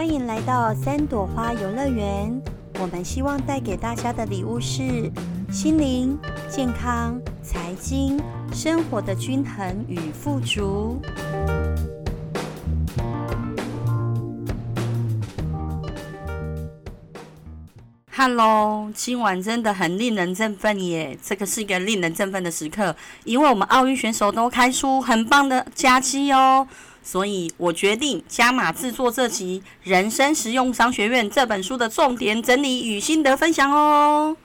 歡迎來到三朵花遊樂園。我們希望帶給大家的禮物是心靈、健康、財經、生活的均衡與富足。Hello，今晚真的很令人振奮耶！這個是一個令人振奮的時刻，因為我們奧運選手都開出很棒的佳績哦。所以我決定加碼制作這集《人生實用商學院》這本書的重點整理與心得分享哦。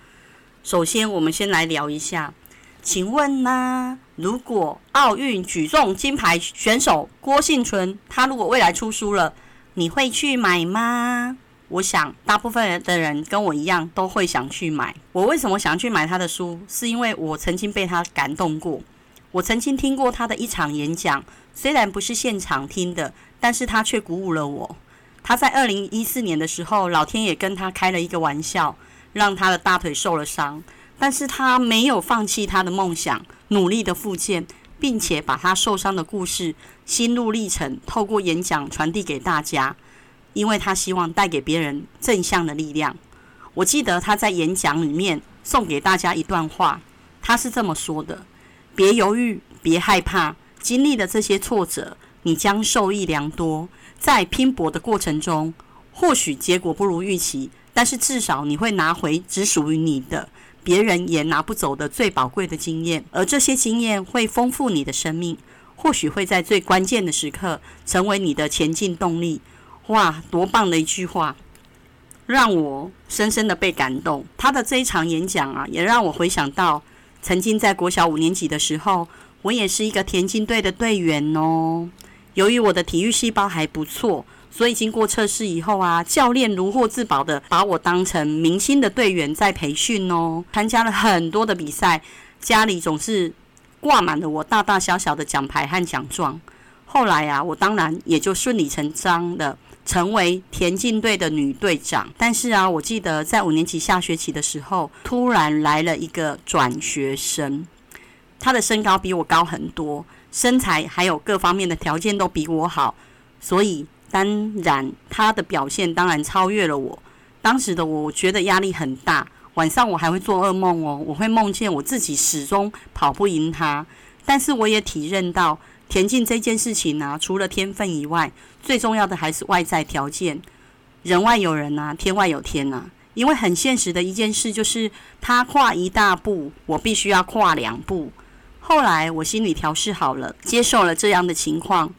首先，我們先來聊一下，請問呢、啊，如果奧運舉重金牌選手郭婞淳，他如果未來出書了，你會去買嗎？我想，大部分人的人跟我一樣都會想去買。我為什麼想去買他的書？是因為我曾經被他感動過，我曾經聽過他的一場演講。雖然不是現場聽的，但是他卻鼓舞了我。他在二零一四年的時候，老天也跟他開了一個玩笑，讓他的大腿受了傷，但是他沒有放棄他的夢想，努力的復健，並且把他受傷的故事、心路歷程，透過演講傳遞給大家，因為他希望帶給別人正向的力量。我記得他在演講裡面送給大家一段話，他是這麼說的：“別猶豫，別害怕。”經歷的這些挫折，你將受益良多。在拼搏的過程中，或許結果不如預期，但是至少你會拿回只屬於你的、別人也拿不走的最寶貴的經驗。而這些經驗會豐富你的生命，或許會在最關鍵的時刻成為你的前進動力。哇，多棒的一句話，讓我深深的被感動。他的這一場演講啊，也讓我回想到曾經在國小五年級的時候。我也是一個田徑隊的隊員哦，由於我的體育細胞還不錯，所以經過測試以後啊，教練如獲至寶的把我當成明星的隊員在培訓哦，參加了很多的比賽，家裡總是掛滿了我大大小小的獎牌和獎狀。後來啊，我當然也就順理成章的成為田徑隊的女隊長。但是啊，我記得在五年級下學期的時候，突然來了一個轉學生。他的身高比我高很多，身材還有各方面的條件都比我好，所以當然他的表現當然超越了我。當時的我覺得壓力很大，晚上我還會做噩夢哦，我會夢見我自己始終跑不贏他。但是我也體認到田徑這件事情啊，除了天分以外，最重要的還是外在條件。人外有人啊，天外有天啊。因為很現實的一件事就是，他跨一大步，我必須要跨兩步。後來我心理調適好了，接受了這樣的情況。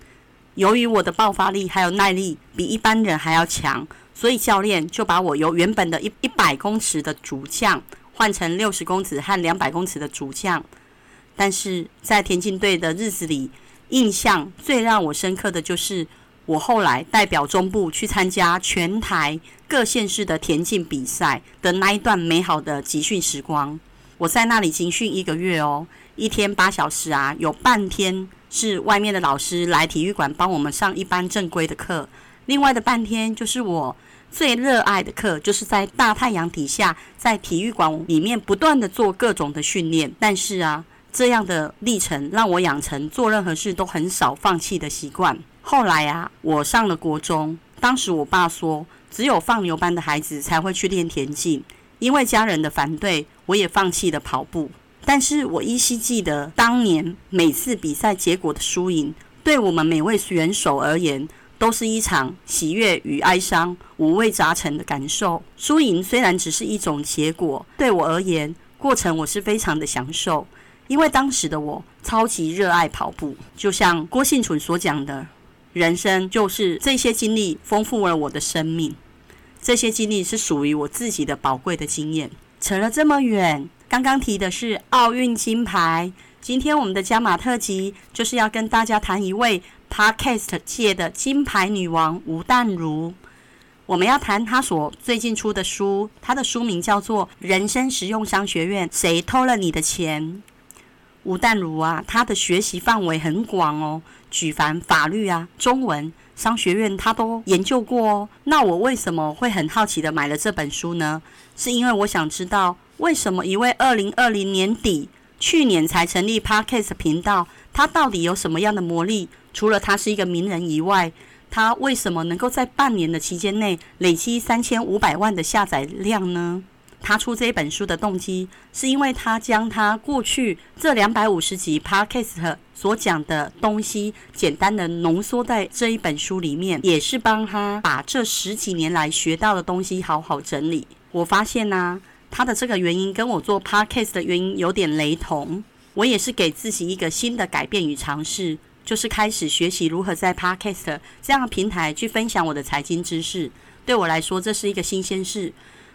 由於我的爆發力還有耐力比一般人還要強，所以教練就把我由原本的一一百公尺的主將換成六十公尺和兩百公尺的主將。但是在田徑隊的日子裡，印象最讓我深刻的就是我後來代表中部去參加全台各縣市的田徑比賽的那一段美好的集訓時光。我在那裡集訓一個月哦。一天八小時啊，有半天是外面的老師來體育館幫我們上一般正規的課，另外的半天就是我最熱愛的課，就是在大太陽底下，在體育館裡面不斷的做各種的訓練。但是啊，這樣的歷程讓我養成做任何事都很少放棄的習慣。後來啊，我上了國中，當時我爸說，只有放牛班的孩子才會去練田徑，因為家人的反對，我也放棄了跑步。但是我依稀記得，當年每次比賽結果的輸贏，對我們每位選手而言，都是一場喜悅與哀傷、五味雜陳的感受。輸贏雖然只是一種結果，對我而言，過程我是非常的享受，因為當時的我超級熱愛跑步，就像郭婞淳所講的，人生就是這些經歷豐富了我的生命，這些經歷是屬於我自己的寶貴的經驗，扯了這麼遠。剛剛提的是奧運金牌，今天我們的加碼特輯就是要跟大家談一位 Podcast 界的金牌女王吳淡如。我們要談她所最近出的書，她的書名叫做《人生實用商學院：誰偷了你的錢》。吳淡如啊，她的學習範圍很廣哦，舉凡法律啊、中文、商學院，她都研究過哦。那我為什麼會很好奇的買了這本書呢？是因為我想知道。為什麼一位二零二零年底，去年才成立 Podcast 頻道，他到底有什麼樣的魔力？除了他是一個名人以外，他為什麼能夠在半年的期間內累積三千五百萬的下載量呢？他出這一本書的動機，是因為他將他過去這兩百五十集 Podcast 所講的東西，簡單的濃縮在這一本書裡面，也是幫他把這十幾年來學到的東西好好整理。我發現呢、啊。他的這個原因跟我做 Podcast 的原因有點雷同，我也是給自己一個新的改變與嘗試，就是開始學習如何在 Podcast 這樣的平台去分享我的財經知識。對我來說，這是一個新鮮事。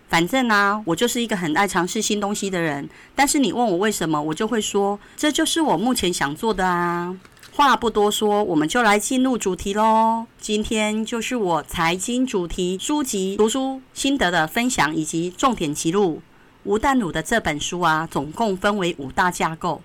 反正呢、啊，我就是一個很愛嘗試新東西的人。但是你問我為什麼，我就會說這就是我目前想做的啊。話不多說，我們就來進入主題嘍。今天就是我財經主題書籍讀書心得的分享以及重點記錄。吳淡如的這本書啊，總共分為五大架構。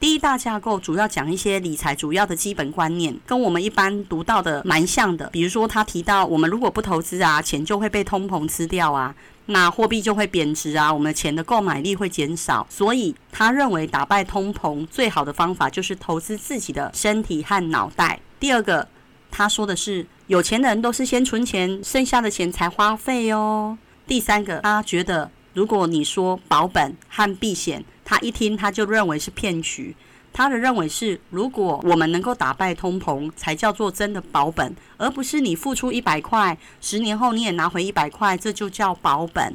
第一大架構主要講一些理財主要的基本觀念，跟我們一般讀到的蠻像的。比如說，他提到我們如果不投資啊，錢就會被通膨吃掉啊，那貨幣就會貶值啊，我們的錢的購買力會減少。所以他認為打敗通膨最好的方法就是投資自己的身體和腦袋。第二個，他說的是有錢的人都是先存錢，剩下的錢才花費哦。第三個，他覺得。如果你說保本和避險，他一聽他就認為是騙局。他的認為是，如果我們能夠打敗通膨，才叫做真的保本，而不是你付出一百塊，十年後你也拿回一百塊，這就叫保本。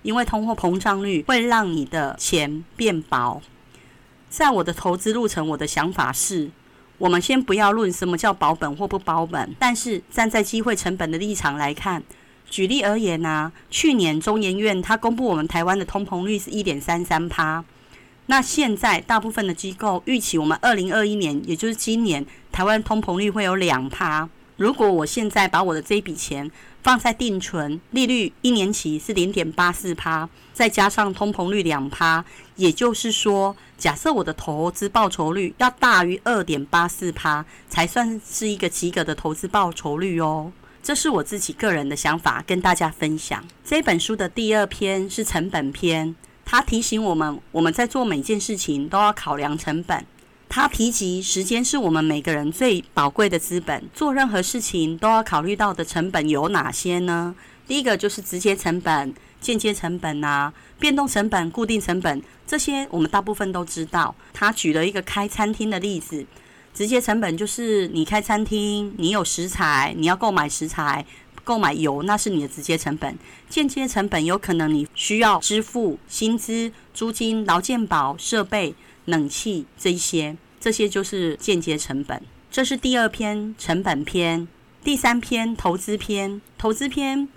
因為通貨膨脹率會讓你的錢變薄。在我的投資路程，我的想法是，我們先不要論什麼叫保本或不保本，但是站在機會成本的立場來看，舉例而言吶啊，去年中研院它公布我們台灣的通膨率是一點三三趴，那現在大部分的機構預期我們二零二一年，也就是今年台灣通膨率會有兩趴。如果我現在把我的這筆錢放在定存，利率一年期是零點八四趴，再加上通膨率兩趴，也就是說，假設我的投資報酬率要大於二點八四趴，才算是一個及格的投資報酬率哦。這是我自己個人的想法，跟大家分享。這本書的第二篇是成本篇，它提醒我們，我們在做每件事情都要考量成本。他提及時間是我們每個人最寶貴的資本，做任何事情都要考慮到的成本有哪些呢？第一個就是直接成本、間接成本啊，變動成本、固定成本這些，我們大部分都知道。他舉了一個開餐廳的例子。直接成本就是你開餐廳，你有食材，你要購買食材、購買油，那是你的直接成本。間接成本有可能你需要支付薪資、租金、勞健保、設備、冷氣這一些，這些就是間接成本。這是第二篇成本篇，第三篇投資篇。投資篇，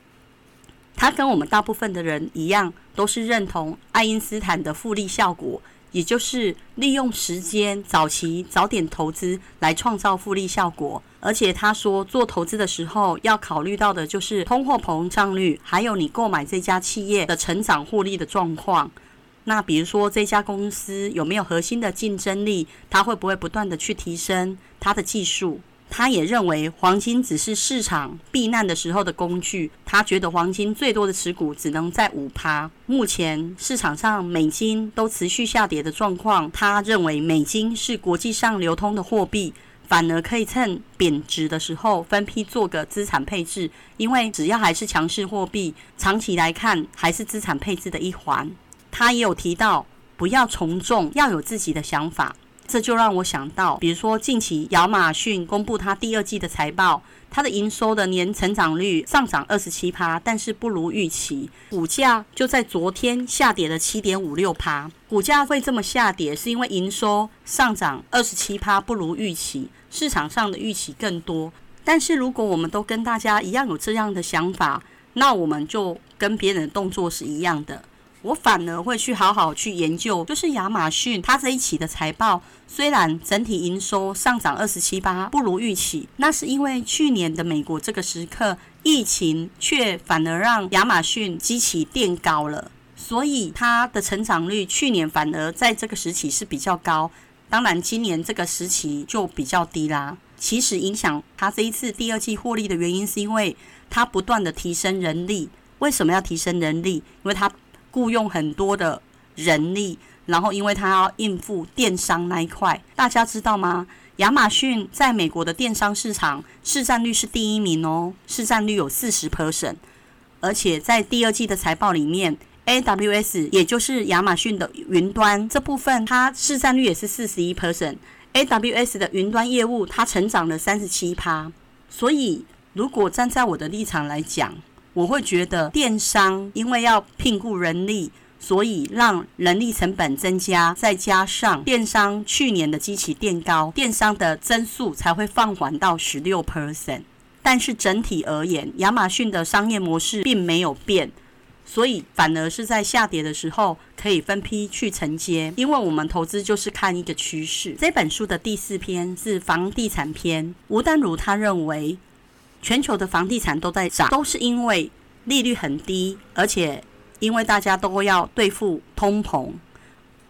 它跟我們大部分的人一樣，都是認同愛因斯坦的複利效果。也就是利用時間早期早點投資來創造複利效果，而且他說做投資的時候要考慮到的就是通貨膨脹率，還有你購買這家企業的成長獲利的狀況。那比如說這家公司有沒有核心的競爭力，它會不會不斷的去提升它的技術？他也認為黃金只是市場避難的時候的工具。他覺得黃金最多的持股只能在五趴。目前市場上美金都持續下跌的狀況，他認為美金是國際上流通的貨幣，反而可以趁貶值的時候分批做個資產配置。因為只要還是強勢貨幣，長期來看還是資產配置的一環。他也有提到不要從眾，要有自己的想法。這就讓我想到，比如說近期亞馬遜公布它第二季的財報，它的營收的年成長率上漲二十七趴，但是不如預期，股價就在昨天下跌了七點五六趴。股價會這麼下跌，是因為營收上漲二十七趴不如預期，市場上的預期更多。但是如果我們都跟大家一樣有這樣的想法，那我們就跟別人的動作是一樣的。我反而會去好好去研究，就是亞馬遜它這一期的財報，雖然整體營收上漲二十七八，不如預期，那是因為去年的美國這個時刻疫情，卻反而讓亞馬遜基期墊高了，所以它的成長率去年反而在這個時期是比較高，當然今年這個時期就比較低啦。其實影響它這一次第二季獲利的原因，是因為它不斷的提升人力，為什麼要提升人力？因為它僱傭很多的人力，然後因為他要應付電商那一塊，大家知道嗎？亞馬遜在美國的電商市場市佔率是第一名哦，市佔率有四十 percent，而且在第二季的財報裡面，AWS 也就是亞馬遜的雲端這部分，它市佔率也是四十一 percent，AWS 的雲端業務它成長了三十七趴，所以如果站在我的立場來講。我會覺得電商因為要聘雇人力，所以讓人力成本增加，再加上電商去年的基期墊高，電商的增速才會放緩到十六 percent。但是整體而言，亞馬遜的商業模式並沒有變，所以反而是在下跌的時候可以分批去承接，因為我們投資就是看一個趨勢。這本書的第四篇是房地產篇，吳淡如他認為。全球的房地產都在漲，都是因為利率很低，而且因為大家都要對付通膨，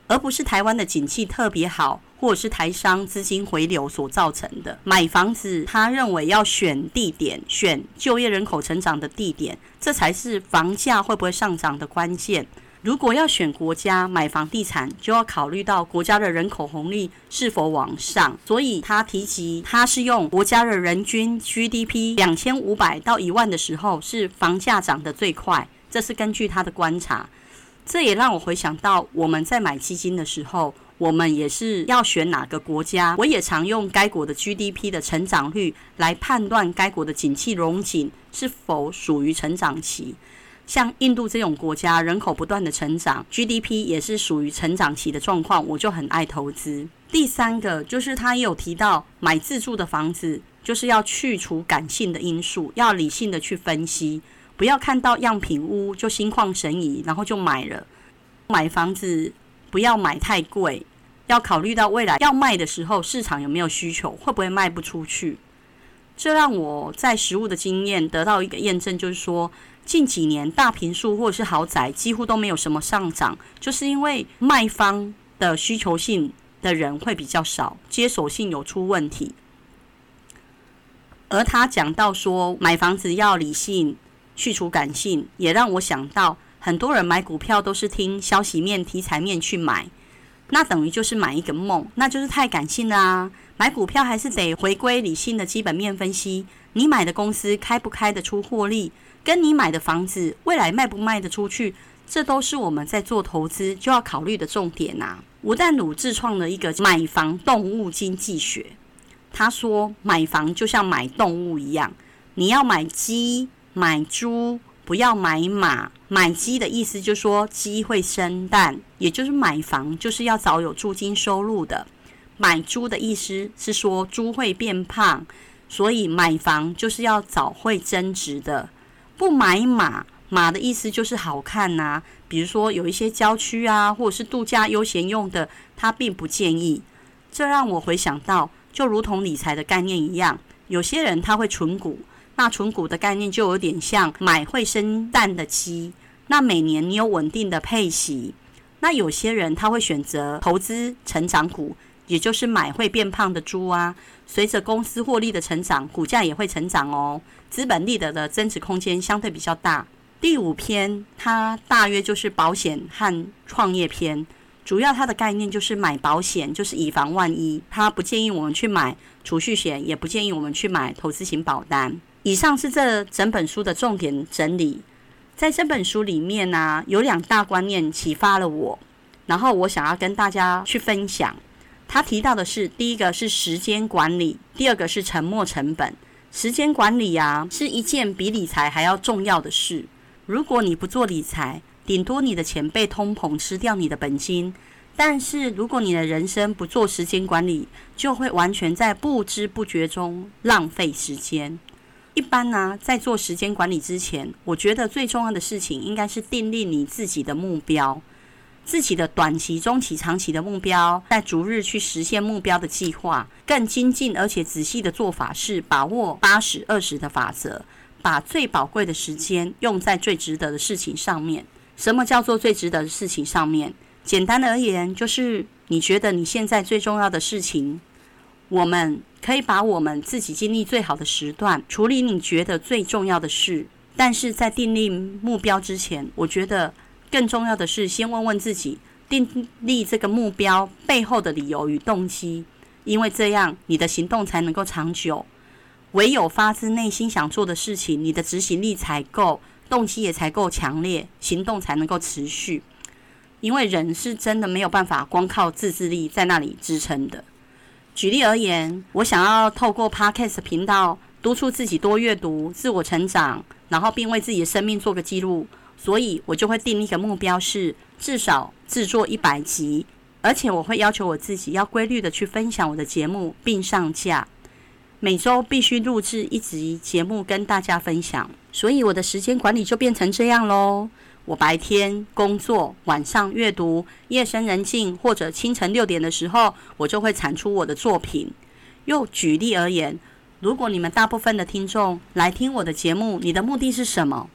而不是台灣的景氣特別好，或者是台商資金回流所造成的。買房子，他認為要選地點，選就業人口成長的地點，這才是房價會不會上漲的關鍵。如果要選國家買房地產，就要考慮到國家的人口紅利是否往上。所以他提及，他是用國家的人均 GDP 兩千五百到一萬的時候，是房價漲得最快，這是根據他的觀察。這也讓我回想到我們在買基金的時候，我們也是要選哪個國家。我也常用該國的 GDP 的成長率來判斷該國的景氣榮景，是否屬於成長期。像印度這種國家，人口不斷的成長，GDP 也是屬於成長期的狀況，我就很愛投資。第三個就是他也有提到買自住的房子，就是要去除感性的因素，要理性的去分析，不要看到樣品屋就心曠神怡，然後就買了。買房子不要買太貴，要考慮到未來要賣的時候，市場有沒有需求，會不會賣不出去。這讓我在實務的經驗得到一個驗證，就是說。近幾年大坪數，或者是豪宅幾乎都沒有什麼上漲，就是因為賣方的需求性的人會比較少，接手性有出問題。而他講到說買房子要理性，去除感性，也讓我想到很多人買股票都是聽消息面、題材面去買。那等於就是買一個夢，那就是太感性了啊！買股票還是得回歸理性的基本面分析。你買的公司開不開得出獲利，跟你買的房子未來賣不賣得出去，這都是我們在做投資就要考慮的重點吶、啊。吳淡如自創了一個買房動物經濟學，他說買房就像買動物一樣，你要買雞，買豬。不要買馬，買雞的意思就是說雞會生蛋，也就是買房就是要找有租金收入的。買豬的意思是說豬會變胖，所以買房就是要找會增值的。不買馬，馬的意思就是好看吶、啊，比如說有一些郊區啊，或者是度假悠閒用的，他並不建議。這讓我回想到，就如同理財的概念一樣，有些人他會存股。那存股的概念就有點像買會生蛋的雞，那每年你有穩定的配息。那有些人他會選擇投資成長股，也就是買會變胖的豬啊。隨着公司獲利的成長，股價也會成長哦，資本利得的增值空間相對比較大。第五篇它大約就是保險和創業篇，主要它的概念就是買保險就是以防萬一。他不建議我們去買儲蓄險，也不建議我們去買投資型保單。以上是這整本書的重點整理。在這本書裡面呢、啊，有兩大觀念啟發了我，然後我想要跟大家去分享。他提到的是，第一個是時間管理，第二個是沉沒成本。時間管理啊，是一件比理財還要重要的事。如果你不做理財，頂多你的錢被通膨吃掉你的本金；但是如果你的人生不做時間管理，就會完全在不知不覺中浪費時間。一般呢、啊，在做時間管理之前，我覺得最重要的事情應該是訂立你自己的目標，自己的短期、中期、長期的目標，在逐日去實現目標的計劃。更精進而且仔細的做法是，把握八十二十的法則，把最寶貴的時間用在最值得的事情上面。什麼叫做最值得的事情上面？簡單的而言，就是你覺得你現在最重要的事情。我們可以把我們自己精力最好的時段處理你覺得最重要的事，但是在訂立目標之前，我覺得更重要的是先問問自己，訂立這個目標背後的理由與動機，因為這樣你的行動才能夠長久。唯有發自內心想做的事情，你的執行力才夠，動機也才夠強烈，行動才能夠持續。因為人是真的沒有辦法光靠自制力在那裡支撐的。舉例而言，我想要透過 Podcast 頻道督促自己多閱讀、自我成長，然後並為自己的生命做個記錄，所以我就會定一個目標，是至少製作一百集，而且我會要求我自己要規律的去分享我的節目並上架，每周必須錄製一集節目跟大家分享，所以我的時間管理就變成這樣嘍。我白天工作，晚上閱讀，夜深人靜或者清晨六點的時候，我就會產出我的作品。又舉例而言，如果你們大部分的聽眾來聽我的節目，你的目的是什麼？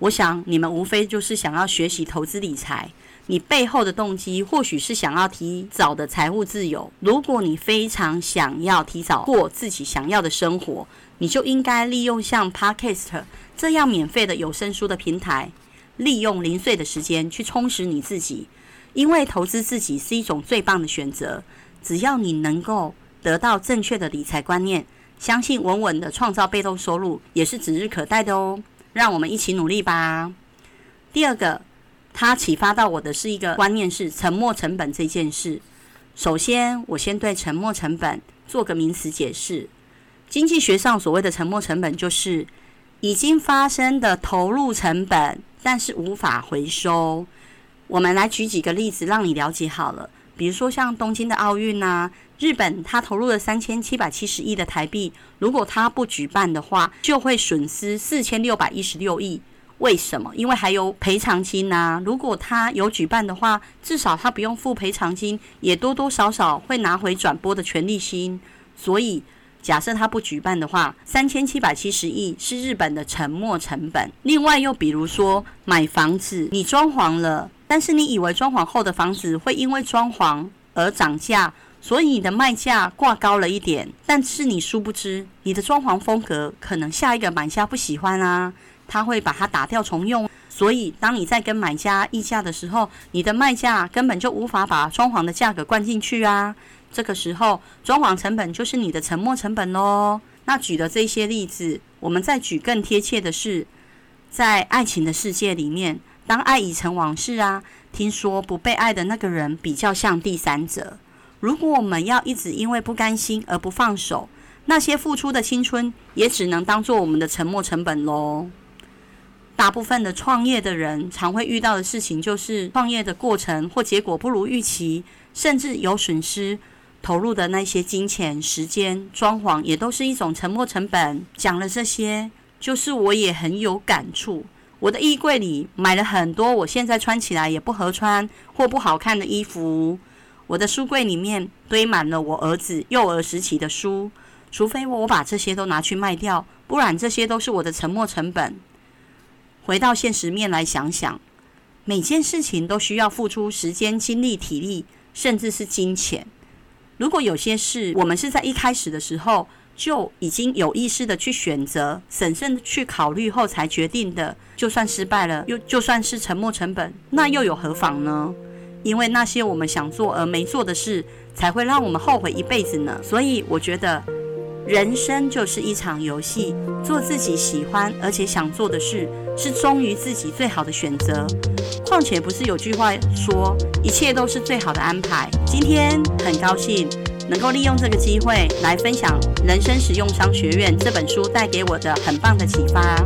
我想你們無非就是想要學習投資理財。你背後的動機或許是想要提早的財務自由。如果你非常想要提早過自己想要的生活，你就應該利用像 Podcast 這樣免費的有聲書的平台。利用零碎的時間去充實你自己，因為投資自己是一種最棒的選擇。只要你能夠得到正確的理財觀念，相信穩穩的創造被動收入也是指日可待的哦。讓我們一起努力吧。第二個，它啟發到我的是一個觀念是“沉沒成本”這件事。首先，我先對“沉沒成本”做個名詞解釋。經濟學上所謂的沉沒成本，就是已經發生的投入成本，但是無法回收。我們來舉幾個例子，讓你了解好了。比如說像東京的奧運吶，日本他投入了三千七百七十億的台幣，如果他不舉辦的話，就會損失四千六百一十六億。為什麼？因為還有賠償金吶、啊。如果他有舉辦的話，至少他不用付賠償金，也多多少少會拿回轉播的權利金。所以。假設他不舉辦的話，三千七百七十億是日本的沉沒成本。另外，又比如說買房子，你裝潢了，但是你以為裝潢後的房子會因為裝潢而漲價，所以你的賣價掛高了一點。但是你殊不知，你的裝潢風格可能下一個買家不喜歡啊，他會把它打掉重用。所以，當你在跟買家議價的時候，你的賣價根本就無法把裝潢的價格灌進去啊。這個時候，裝潢成本就是你的沉沒成本嘍。那舉的這些例子，我們再舉更貼切的是，在愛情的世界裡面，當愛已成往事啊，聽說不被愛的那個人比較像第三者。如果我們要一直因為不甘心而不放手，那些付出的青春也只能當做我們的沉沒成本嘍。大部分的創業的人常會遇到的事情，就是創業的過程或結果不如預期，甚至有損失。投入的那些金錢、時間、裝潢，也都是一種沉沒成本。講了這些，就是我也很有感觸。我的衣櫃裡買了很多，我現在穿起來也不合穿或不好看的衣服。我的書櫃裡面堆滿了我兒子幼兒時期的書，除非我把這些都拿去賣掉，不然這些都是我的沉沒成本。回到現實面來想想，每件事情都需要付出時間、精力、體力，甚至是金錢。如果有些事我們是在一開始的時候就已經有意識的去選擇、審慎的去考慮後才決定的，就算失敗了，又就算是沉沒成本，那又有何妨呢？因為那些我們想做而沒做的事，才會讓我們後悔一輩子呢。所以我覺得。人生就是一場遊戲，做自己喜歡而且想做的事，是忠於自己最好的選擇。況且不是有句話說，一切都是最好的安排。今天很高興能夠利用這個機會來分享《人生實用商學院》這本書帶給我的很棒的啟發。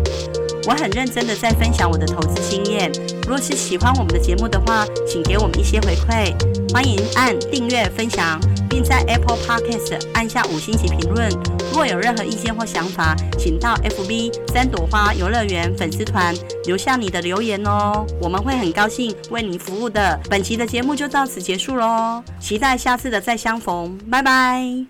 我很認真的在分享我的投資經驗。如果是喜歡我們的節目的話，請給我們一些回饋，歡迎按訂閱分享。並在 Apple Podcast 按下五星級評論。如果有任何意見或想法，請到 FB 三朵花遊樂園粉絲團留下你的留言哦，我們會很高興為你服務的。本期的節目就到此結束嘍，期待下次的再相逢，拜拜。